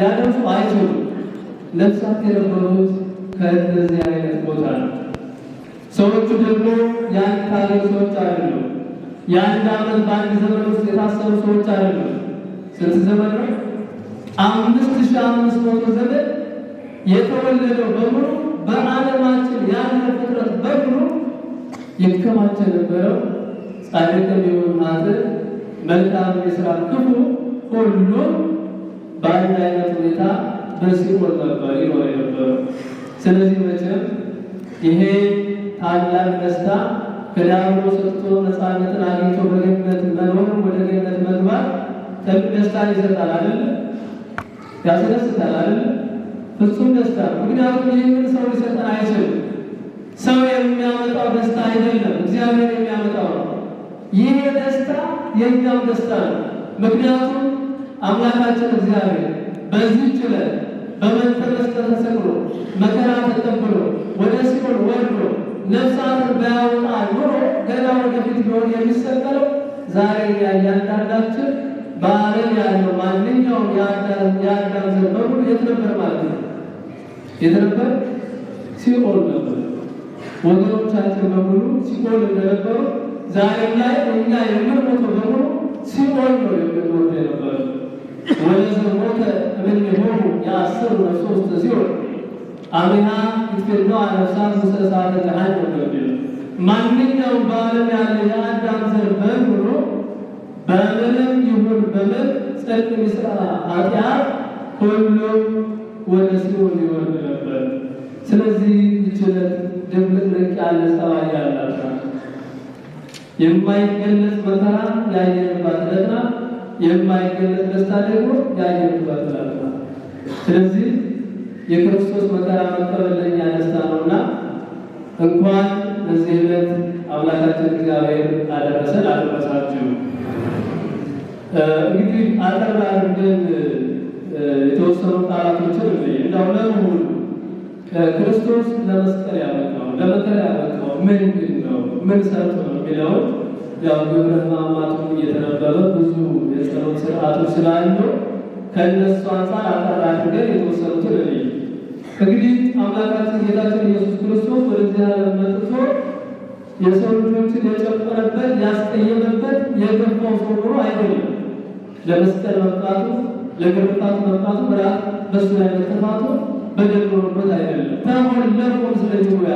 ያደርሱ አይችሉም። ነፍሳት የነበሩት ከእነዚህ አይነት ቦታ ነው። ሰዎቹ ደግሞ የአንድ ሀገር ሰዎች አይደሉም። የአንድ ዓመት በአንድ ዘመን ውስጥ የታሰሩ ሰዎች አይደሉም። ስንት ዘመን ነው? አምስት ሺ አምስት መቶ ዘመን የተወለደው በሙሉ በዓለማችን ያለ ፍጥረት በሙሉ ይከማቸ ነበረው። ጻድቅ የሚሆን ሀዘን፣ መልካም የስራ ክፉ ሁሉም በአንድ አይነት ሁኔታ በሲኦል ነበር ይኖር የነበረው። ስለዚህ መቼም ይሄ ታላቅ ደስታ ከዳሩ ሰጥቶ ነፃነትን አግኝቶ በገነት መኖርም ወደ ገነት መግባት ትልቅ ደስታን ይሰጣል አይደል? ያስደስታል አይደል? ፍጹም ደስታ። ምክንያቱም ይህንን ሰው ሊሰጠን አይችልም። ሰው የሚያመጣው ደስታ አይደለም፣ እግዚአብሔር የሚያመጣው ነው። ይህ ደስታ የኛም ደስታ ነው። ምክንያቱም አምላካችን እግዚአብሔር በዚህ ዕለት በመንፈስ ተሰቅሎ መከራ ተቀብሎ ወደ ሲኦል ወርዶ ነፍሳትን ባያወጣ ኖሮ ገና ወደፊት ቢሆን የሚሰቀለው ዛሬ እያንዳንዳችን በዓለም ያለው ማንኛውም የአዳም ዘር በሙሉ የት ነበር ማለት ነው? የት ነበር? ሲኦል ነበር። ወገኖቻችን በሙሉ ሲኦል እንደነበሩ ዛሬ ላይ እኛ የምንሞተው በሙሉ ሲኦል ነው የምንወርደው የነበረው ወለዘ ሞተ እበልሆሙ የአስሩ ነፍሶት ሲሆን አሜና ክትፈልሎ ነፍሳት ውስተ እሳተ ገሃነም ነው። ማንኛውም በዓለም ያለ የአዳም ዘር በሙሉ በምንም ይሁን በምን ጽድቅ ሚስራ ኃጢአት ሁሉም ወደ ሲኦል ይወርድ ነበር። ስለዚህ ይችለት ድብልቅልቅ ያለ ጸባይ ያላት የማይገለጽ መከራ ያየንባት ዕለት ናት። የማይገለጥ ደስታ ደግሞ ያየሁበት ማለት ስለዚህ የክርስቶስ መከራ መቀበል ለእኛ ደስታ ነውና እንኳን በዚህ ዕለት አምላካችን እግዚአብሔር አደረሰን አደረሳችሁ። እንግዲህ አጠር አድርገን የተወሰኑ ቃላቶችን እንዳው ለመሆኑ ክርስቶስ ለመስቀል ያበቃው ለመከራ ያበቃው ምንድን ነው? ምን ሰርቶ ነው የሚለውን ያው ግብረ ሕማማቱም እየተነበበ ብዙ የጸሎት ስርዓቶች ስላሉ ከእነሱ አንጻር አጠር አድርገን የተወሰኑትን እንይ። እንግዲህ አምላካችን ጌታችን ኢየሱስ ክርስቶስ ወደዚህ ዓለም መጥቶ የሰው ልጆችን የጨቆነበት ያስቀየመበት የገባው ሰው ኖሮ አይደለም። ለመስቀል መምጣቱ ለግርፋቱ መምጣቱ በራሱ በሱ ላይ መጥፋቱ በደል ኖሮበት አይደለም ተሆን ለቆም ስለሚወያ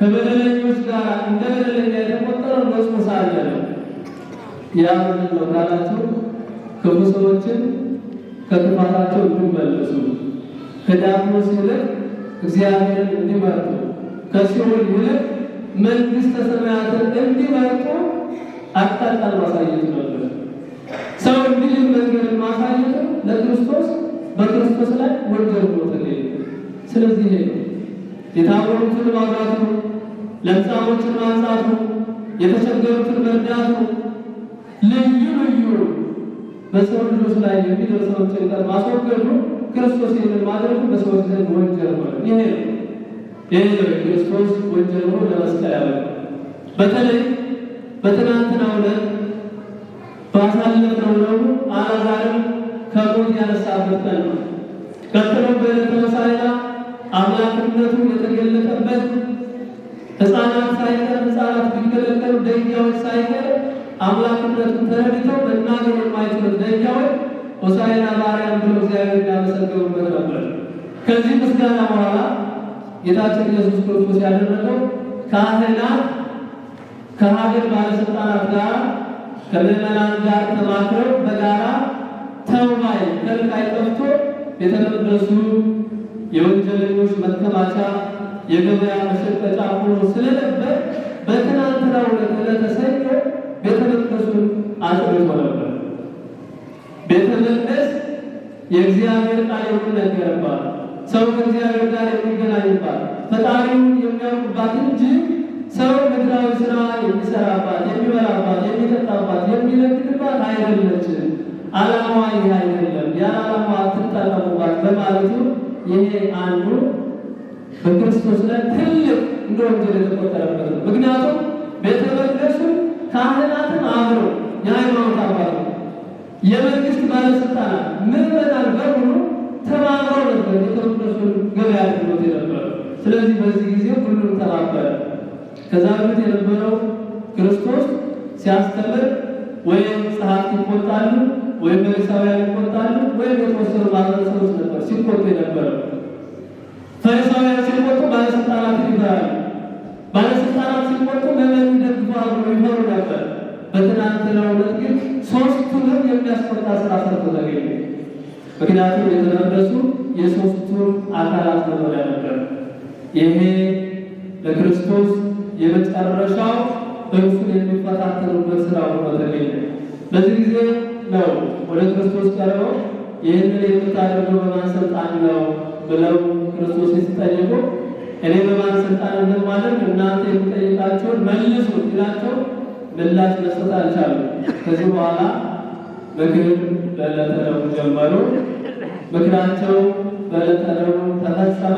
ከበደለኞች ጋር እንደ በደለኛ የተቆጠረው መጽሙስ አለ ነው። ያ ምንድን ነው ካላችሁ ክፉ ሰዎችን ከክፋታቸው እንዲመልሱ ከዲያብሎስ ይልቅ እግዚአብሔርን እንዲመርጡ ከሲኦል ይልቅ መንግሥተ ሰማያትን እንዲመርጡ አቃጣል ማሳየት ነበር። ሰው እንዲህ መንገድን ማሳየት ለክርስቶስ በክርስቶስ ላይ ወንጀል ነው። ስለዚህ ይሄ ነው የታወሩትን ማብራቱ፣ ለምጻሞችን ማንጻቱ፣ የተቸገሩትን መርዳቱ ልዩ ልዩ በሰው ልጆች ላይ የሚደርሰውን ጭንቀት ማስወገዱ ክርስቶስ ይህንን ማድረጉ በሰዎች ዘንድ ወንጀል ሆነ። ይሄ ነው። ይሄ ክርስቶስ ወንጀል ሆኖ ለመስቀል ያለ በተለይ በትናንትና ዕለት ባሳለፍነው ነው አላዛርን ከሞት ያነሳበት ቀን ነው። ቀጥሎ በዕለተ መሳሌዳ አምላክነቱ የተገለጠበት ሕፃናት ሳይቀር ሕፃናት ቢከለከሉ ደቂያዎች ሳይቀር አምላክነቱን ተረድተው መናገር የማይችሉት ደቂያዎች ሆሳዕና በአርያም ብለው እግዚአብሔር ያመሰገኑበት ነበር። ከዚህ ምስጋና በኋላ ጌታችን ኢየሱስ ክርስቶስ ያደረገው ካህናት ከሀገር ባለስልጣናት ጋር ከምዕመናን ጋር ተማክረው በጋራ ተውባይ ከልቃይ ጠፍቶ ቤተ መቅደሱ የወንጀለኞች መከማቻ፣ የገበያ መሸቀጫ ሆኖ ስለነበር በትናንትና ዕለት ዕለተ ሰኞ ቤተ መቅደሱን ነበር። ቤተ መቅደስ የእግዚአብሔር ቃል የሚነገርባት፣ ሰው ከእግዚአብሔር ጋር የሚገናኝባት፣ ፈጣሪውን የሚያውቁባት እንጂ ሰው ምድራዊ ስራ የሚሰራባት፣ የሚበራባት፣ የሚጠጣባት፣ የሚለግድባት አይደለችም። ዓላማዋ ይህ አይደለም። ያ ዓላማዋ አትጠቀሙባት በማለቱ ይሄ አንዱ በክርስቶስ ላይ ትልቅ እንደ ወንጀል የተቆጠረበት ነው። ምክንያቱም ቤተ መቅደሱ ካህናትም አብረው የሃይማኖት አባት የመንግስት ባለስልጣናት ምዕመናን በሙሉ ተባብረው ነበር ቤተ መቅደሱን ገበያ አድርጎት የነበረ። ስለዚህ በዚህ ጊዜ ሁሉም ተባበረ። ከዛ በፊት የነበረው ክርስቶስ ሲያስተምር ወይም ጸሐፍት ይቆጣሉ ወይም ፈሪሳውያን ይቆጣሉ ወይም የተወሰኑ ማህበረሰቦች ነበር ሲቆጡ የነበረ። ፈሪሳውያን ሲቆጡ ባለስልጣናት ይፈራሉ። ባለስልጣናት ሲቆጡ መመን ደግፈዋል ይፈሩ ነበር። በትናንትናው ዕለት ግን ሶስቱንም የሚያስቆጣ ስራ ሰርቶ ተገኘ። ምክንያቱም የተመለሱ የሶስቱን አካላት መኖሪያ ነበር። ይሄ ለክርስቶስ የመጨረሻው እርሱን የሚፈታተኑበት ስራ ሆኖ ተገኘ። በዚህ ጊዜ ነው ወደ ክርስቶስ ቀርበው ይህንን የምታደርገው በማን ስልጣን ነው ብለው ክርስቶስ ሲጠየቁ እኔ በማን ስልጣን ማለት እናንተ የምጠይቃቸውን መልሱ ሲላቸው ምላሽ መስጠት አልቻሉ። ከዚህ በኋላ ምክር በዕለተ ረቡዕ ጀመሩ። ምክራቸው በዕለተ ረቡዕ ተፈጸመ።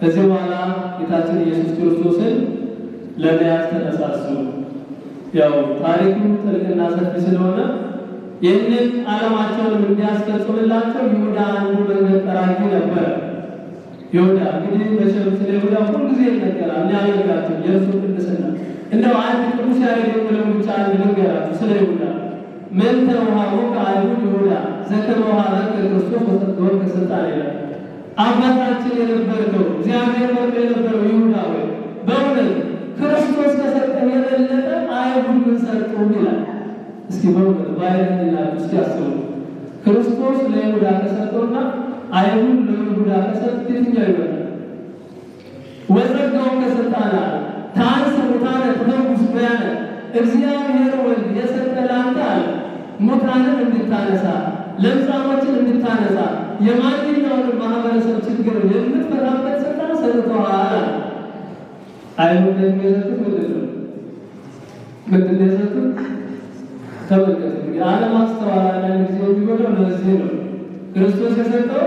ከዚህ በኋላ ጌታችን ኢየሱስ ክርስቶስን ለመያዝ ተነሳሱ። ያው ታሪኩ ጥልቅና ሰፊ ስለሆነ ይህንን ዓላማቸውን እንዲያስፈጽምላቸው ይሁዳ አንዱ መንገድ ጠራጊ ነበር። ይሁዳ እንግዲህ መቼም ስለ ይሁዳ ሁልጊዜ ይነገራል። ሊያደርጋቸው የእርሱ ቅድስና እንደው አንድ ቅዱስ ያሬድ ብለው ብቻ አንድ ልንገራቸው ስለ ይሁዳ ምን ተውሃቦ ከአይሁድ ይሁዳ ዘተመውሃበ ከክርስቶስ ወሰጥወር ከስልጣን ይላል። አባታችን የነበርከው እግዚአብሔር መርጦ የነበረው ይሁዳ ወይ በእውነት ክርስቶስ ከሰጠን የበለጠ አይሁድ ምን ሰጡን ይላል እስኪ በእውነት ባይረኝላችሁ እስኪ አስቡ። ክርስቶስ ለይሁዳ ተሰጠውና አይሁድ ለይሁዳ ተሰጡት። የትኛው ይሆናል? ወጸጋውን ከሰጣና ታንስ ሙታነ ተፈውስ በያነ እግዚአብሔር ወልድ የሰጠ ላንተ አለ ሙታንን እንድታነሳ ለምጻሞችን እንድታነሳ የማንኛውን ማህበረሰብ ችግር የምትፈታበት ስልጣን ሰጥተዋል። አይሁድ የሚያዘቱት ምንድን ነው? የሰጡት? ተመልከቱ እንግዲህ ዓለም አንዳንድ ጊዜ የሚጎዳው ለዚህ ነው። ክርስቶስ የሰጠው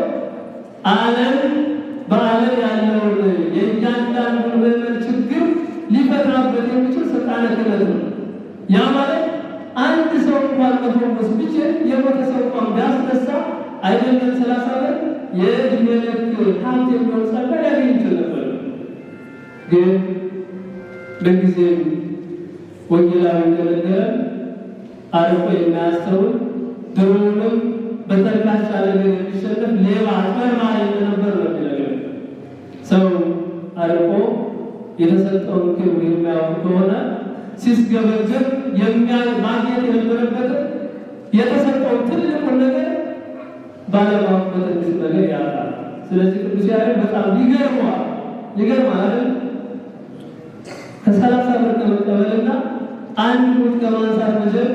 ዓለም በዓለም ያለውን የእያንዳንዱን ምዕመን ችግር ሊፈታበት የሚችል ስልጣነ ክህነት ነው። ያ ማለት አንድ ሰው እንኳን መፈወስ ቢችል የሞተ ሰው እንኳን ቢያስነሳ አይደለም ሰላሳ በር የእድሜ ልክ ሀብት የሚሆን ጸጋ ሊያገኝ ይችል ነበር። ግን በጊዜም ወንጌላዊ እንደነገረን አርቆ የሚያስተውል ድሮውንም በተልካች ነገር የሚሸነፍ ሌባ መርማሪ እንደነበር ነው የሚነገር። ሰው አርቆ የተሰጠውን ክብር የሚያውቅ ከሆነ ሲስገበገብ ማግኘት የነበረበት የተሰጠውን ትልቁ ነገር ባለማወቅበት እንዲህ ነገር ያጣል። ስለዚህ ቅዱስ ያሬድ በጣም ይገርመዋል ይገርማል ከሰላሳ ብር ከመቀበልና አንድ ሙት ከማንሳት መጀመር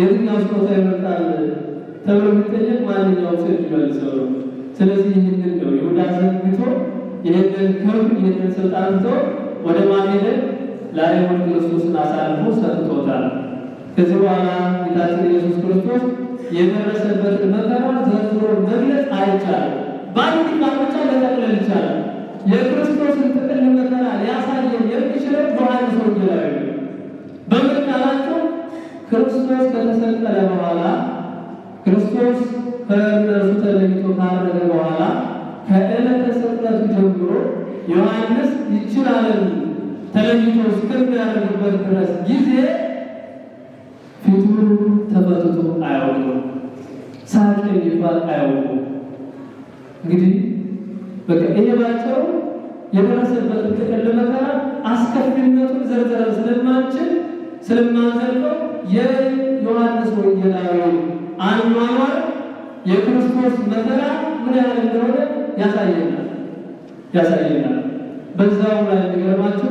የትኛው ስጦታ ይመርጣል ተብሎ የሚጠየቅ ማንኛውም ሰው የሚመልሰው ነው። ስለዚህ ይህንን ነው ይሁዳ ዘንግቶ ይህንን ክብር ይህንን ስልጣን ይዞ ወደ ማን ሄደ? ለአይሁድ ክርስቶስን አሳልፎ ሰጥቶታል። ከዚህ በኋላ ጌታችን ኢየሱስ ክርስቶስ የደረሰበት መከራ ዘርዝሮ መግለጽ አይቻልም። በአንድ ባመጫ ለጠቅለል ይቻላል። የክርስቶስን ጥቅል መከራ ሊያሳየን የሚችለው ዮሐንስ ወንጌላዊ ነው። በመቃላቸው ክርስቶስ ከተሰቀለ በኋላ ክርስቶስ ከእነርሱ ተለይቶ ካረገ በኋላ ከዕለተ ስቅለቱ ጀምሮ ዮሐንስ ይችላለን ተለይቶ እስከሚያደርግበት ድረስ ጊዜ ፊቱን ተፈትቶ አያውቁም። ሳቅ የሚባል አያውቁም። እንግዲህ በቃ ይሄ ባቸው የደረሰበትን ጥቅል መከራ አስከፊነቱን ዘርዘረን ስለማንችል ስለማንፈልገው የዮሐንስ ወንጌላዊ አኗኗር የክርስቶስ መከራ ምን ያህል እንደሆነ ያሳየናል ያሳየናል። በዛው ላይ የሚገርማችሁ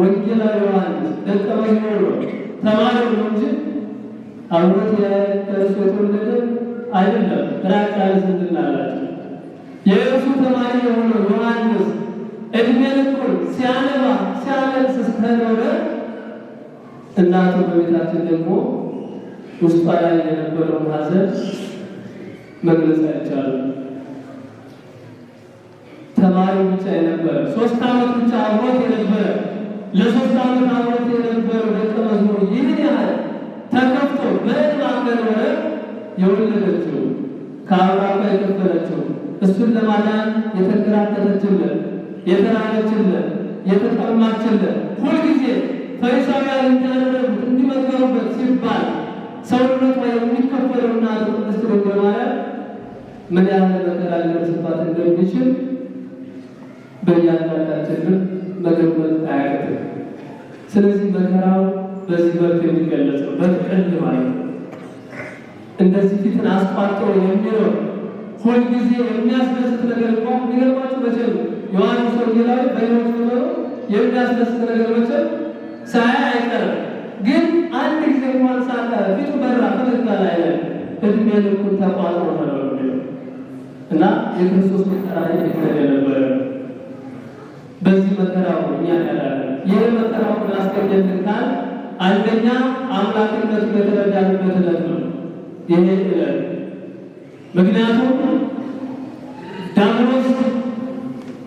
ወንጌላዊ ዮሐንስ ደቀ መዝሙር ነው፣ ተማሪ ነው እንጂ አብሮት የእርሱ የተወለደ አይደለም። ራቅ ያለ ዝምድና አላቸው። የእርሱ ተማሪ የሆነው ዮሐንስ እድሜ ልኩን ሲያነባ ሲያለቅስ እስከኖረ እናቱ በቤታችን ደግሞ ውስጧ ላይ የነበረውን ሐዘን መግለጽ አይቻልም። ተማሪ ብቻ የነበረ ሶስት ዓመት ብቻ አብሮት የነበረ ለሶስት ዓመት አብሮት የነበረ ደቀ መዝሙር ይህን ያህል ተከፍቶ በእድም ወረ የወለደችው ከአብራኳ የከበረችው እሱን ለማዳን የተንከራተተችለት የተራበችለት የተጠማችለት ሁልጊዜ ፈሪሳውያን እንዲያደረጉት እንዲመከሩበት ሲባል ሰውነት ላይ የሚከፈለውና ቅድስት ድንግል ማርያም ምን ያህል መከራ ሊደርስባት እንደሚችል በእያንዳንዳችን መገመት አያቅትም። ስለዚህ መከራው በዚህ መልክ የሚገለጽ ነው፣ በጥቅል ማለት ነው። እንደዚህ ፊትን አስቋርጦ የሚኖር ሁልጊዜ የሚያስደስት ነገር እንኳ የሚገርማችሁ መቼም ዮሐንስ ወንጌላዊ በሕይወት የሚያስደስት ነገር መቼም ሳያ አይቀርም። ግን አንድ ጊዜ እንኳን ሳለ ፊቱ በራ ፈገግታ እድሜ ልኩን ተቋጥሮ ነው እና የክርስቶስ መከራ የተከለ ነበረ። በዚህ መከራው እኛ ያላለ ይህ መከራው ላስቀደምናል። አንደኛ አምላክነቱ የተረዳንበት ዕለት ነው ይሄ ዕለት ምክንያቱም ዲያብሎስ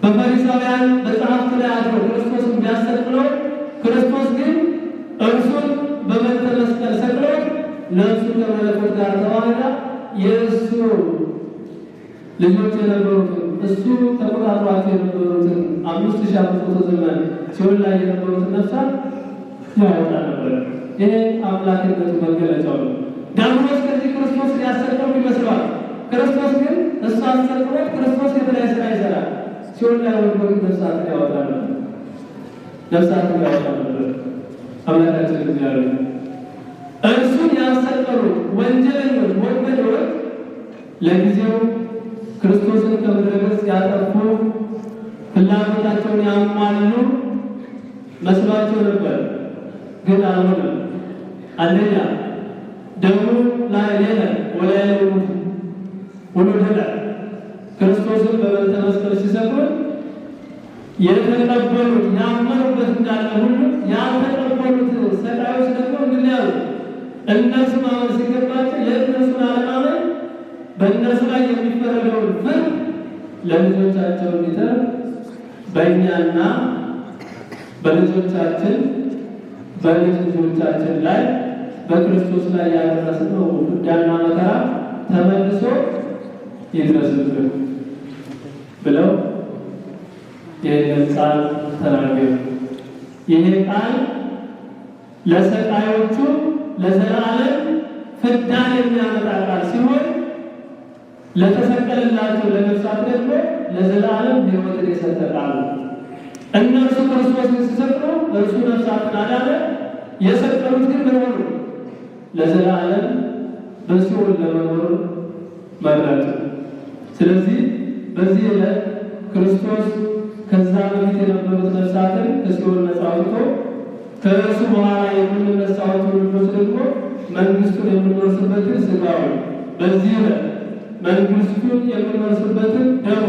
በፈሪሳውያን በጸሐፍት ላይ አድሮ ክርስቶስ እንዲያሰቅለው ክርስቶስ ግን እርሱን በመንተ መስቀል ሰቅሎ ነፍሱ ከመለኮት ጋር ተዋህዳ የእሱ ልጆች የነበሩትን እሱ ተቆጣጥሯቸው የነበሩትን አምስት ሺህ አምስት መቶ ዘመን ሲሆን ላይ የነበሩትን ነፍሳት ያወጣ ነበር። ይሄ አምላክነቱ መገለጫው ነው። ዳግሞስ ከዚህ ክርስቶስን ያሰቀው ይመስለዋል። ክርስቶስ ግን እሱ አሰቅሎት ክርስቶስ የተለያየ ስራ ይሰራል። ሲሆን ላይ ወንዶች ነፍሳትን ያወጣ ነበር። ነፍሳት ጋሻ ነበር አምላካችን እግዚአብሔር እርሱን ያሰቀሩ ወንጀለኞች ወንበዴዎች ለጊዜው ክርስቶስን ከምድረ ገጽ ያጠፉ ፍላጎታቸውን ያሟሉ መስሏቸው ነበር፣ ግን አልሆነም። አንደኛ ደሙ ላዕሌነ ወላዕለ ውእቱ ወኖኅለ ክርስቶስን በመንተ መስቀል ሲሰቅሉት የተቀበሉት ያመኑበት እንዳለ ሁሉ ያልተቀበሉት ሰቃዮች ደግሞ ምንያሉ እነሱ ማመን ሲገባቸው የእነሱን አለማመን በእነሱ ላይ የሚፈረደውን ፍርድ ለልጆቻቸው እንዲተር በእኛና በልጆቻችን በልጅ ልጆቻችን ላይ በክርስቶስ ላይ ያደረስነው ፍዳና መከራ ተመልሶ ይድረስብን ብለው ይህንን ቃል ተናገሩ። ይህ ቃል ለሰቃዮቹ ለዘላለም ፍዳን የሚያመጣ ቃል ሲሆን ለተሰቀለላቸው ለነፍሳት ደግሞ ለዘላለም ሕይወትን የሰጠ ቃል ነው። እነርሱ ክርስቶስን ሲሰቅሉ እርሱ ነፍሳትን አዳነ። የሰቀሉት ግን ምን ሆኑ? ለዘላለም በሲኦል ለመኖር መረጡ። ስለዚህ በዚህ ዕለት ክርስቶስ ከዛ በፊት የነበሩት ነፍሳትን እስኪሆን ነፃ አውጥቶ ከእሱ በኋላ የምንነሳውን ልጆች ደግሞ መንግስቱን የምንወርስበትን ስጋው በዚህ ዕለት መንግስቱን የምንወርስበትን ደሙ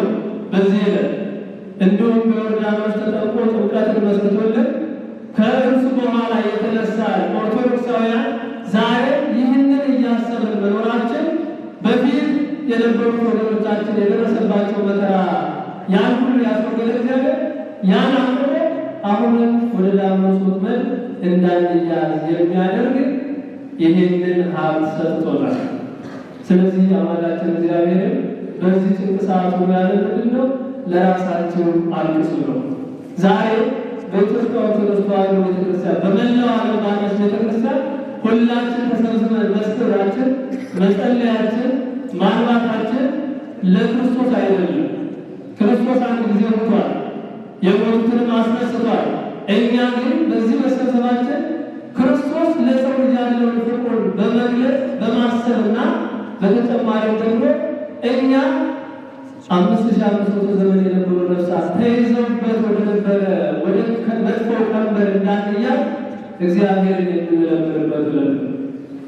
በዚህ ዕለት እንዲሁም በዮርዳኖስ ተጠምቆ ጥምቀትን መስርቶልን ከእርሱ በኋላ የተነሳ ኦርቶዶክሳውያን ዛሬ ይህንን እያሰብን መኖራችን በፊት የነበሩት ወገኖቻችን የደረሰባቸው መከራ ያን ሁሉ ያስወገደ እግዚአብሔር ያን አምረ አሁንም ወደ ዳሞት ወጥመድ እንዳንያዝ የሚያደርግ ይህንን ሀብት ሰጥቶናል። ስለዚህ አማላችን እግዚአብሔር በዚህ ጭንቅ ሰዓቱ ነው? ለራሳቸው አልቅሱ ነው። ዛሬ በኢትዮጵያ ኦርቶዶክስ ተዋሕዶ ቤተክርስቲያን፣ በመላው ዓለም ባለች ቤተክርስቲያን ሁላችን ተሰብስበን መስክራችን፣ መጸለያችን፣ ለክርስቶስ አይደለም ክርስቶስ አንድ ጊዜ ሞቷል፣ የሞቱትንም አስነስቷል። እኛ ግን በዚህ መሰብሰባችን ክርስቶስ ለሰው ልጅ ያለውን ፍቅሩን በመግለጽ በማሰብና በተጨማሪም ደግሞ እኛ አምስት ሺህ አምስት መቶ ዘመን የነበሩ ነፍሳት ተይዘውበት ወደነበረ ወደ መጥፎ ቀንበር እንዳንያ እግዚአብሔር የምንለምንበት ለ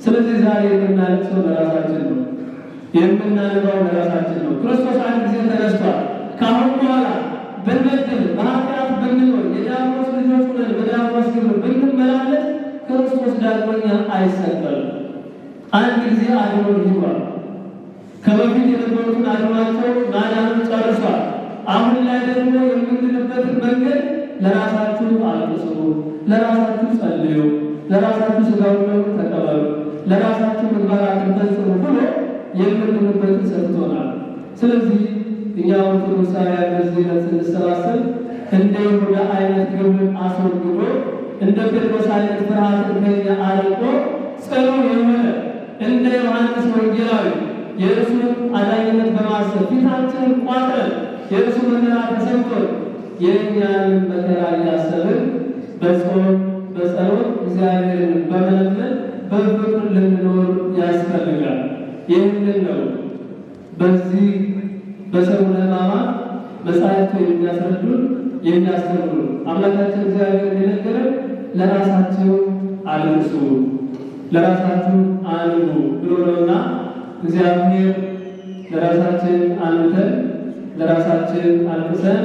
ስለዚህ ዛሬ የምናለቅሰው ለራሳችን ነው፣ የምናነባው ለራሳችን ነው። ክርስቶስ አንድ ጊዜ ተነስቷል። ከአሁን በኋላ ብንበድል በኃጢአት ብንኖር የዲያብሎስ ልጆች ሆነን በዲያብሎስ ግብር ብንመላለስ ክርስቶስ ዳግመኛ አይሰቀልም። አንድ ጊዜ አድኖ ይዟል። ከበፊት የነበሩትን አድኗቸው ማዳኑን ጨርሷል። አሁን ላይ ደግሞ የምንድንበትን መንገድ ለራሳችሁ አልቅሱ፣ ለራሳችሁ ጸልዩ፣ ለራሳችሁ ስጋውን ደግሞ ተቀበሉ፣ ለራሳችሁ ምግባራትን ፈጽሙ ብሎ የምንድንበትን ሰጥቶናል። ስለዚህ እኛ ኦርቶዶክሳውያን በዚህ ዕለት ስንሰባሰብ እንደ ይሁዳ አይነት ግብር አስወግዶ እንደ ጴጥሮስ አይነት ፍርሃትን ከኛ አርቆ ጽኑ የሆነ እንደ ዮሐንስ ወንጌላዊ የእርሱን አዳኝነት በማሰብ ፊታችንን ቋጥረን የእርሱ መከራ ተሰምቶን የእኛንም መከራ እያሰብን በጾም በጸሎት እግዚአብሔርን በመለመን በፍቅር ልንኖር ያስፈልጋል። ይህንን ነው በዚህ በሰሙነ ሕማማት መጻሕፍት የሚያስረዱን የሚያስተምሩ አምላካችን እግዚአብሔር የነገረን ለራሳችሁ አልቅሱ፣ ለራሳችሁ አንቡ ብሎ ነውና እግዚአብሔር ለራሳችን አንተን ለራሳችን አልቅሰን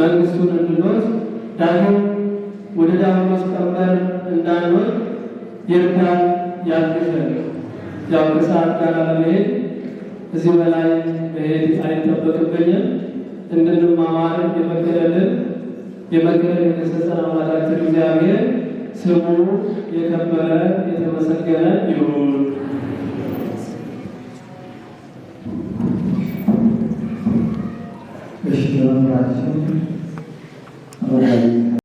መንግስቱን እንድንወስድ ዳግም ወደ ዳሞስ ቀንበር እንዳንወድ ይርዳን፣ ያግዘን። ያው ከሰዓት ጋር ለመሄድ እዚህ በላይ መሄድ አይጠበቅብኝም። እንድንማማር የመከረልን የመከረልን የተሰጠን አምላካችን እግዚአብሔር ስሙ የከበረ የተመሰገነ ይሁን። እሺ መምህራችን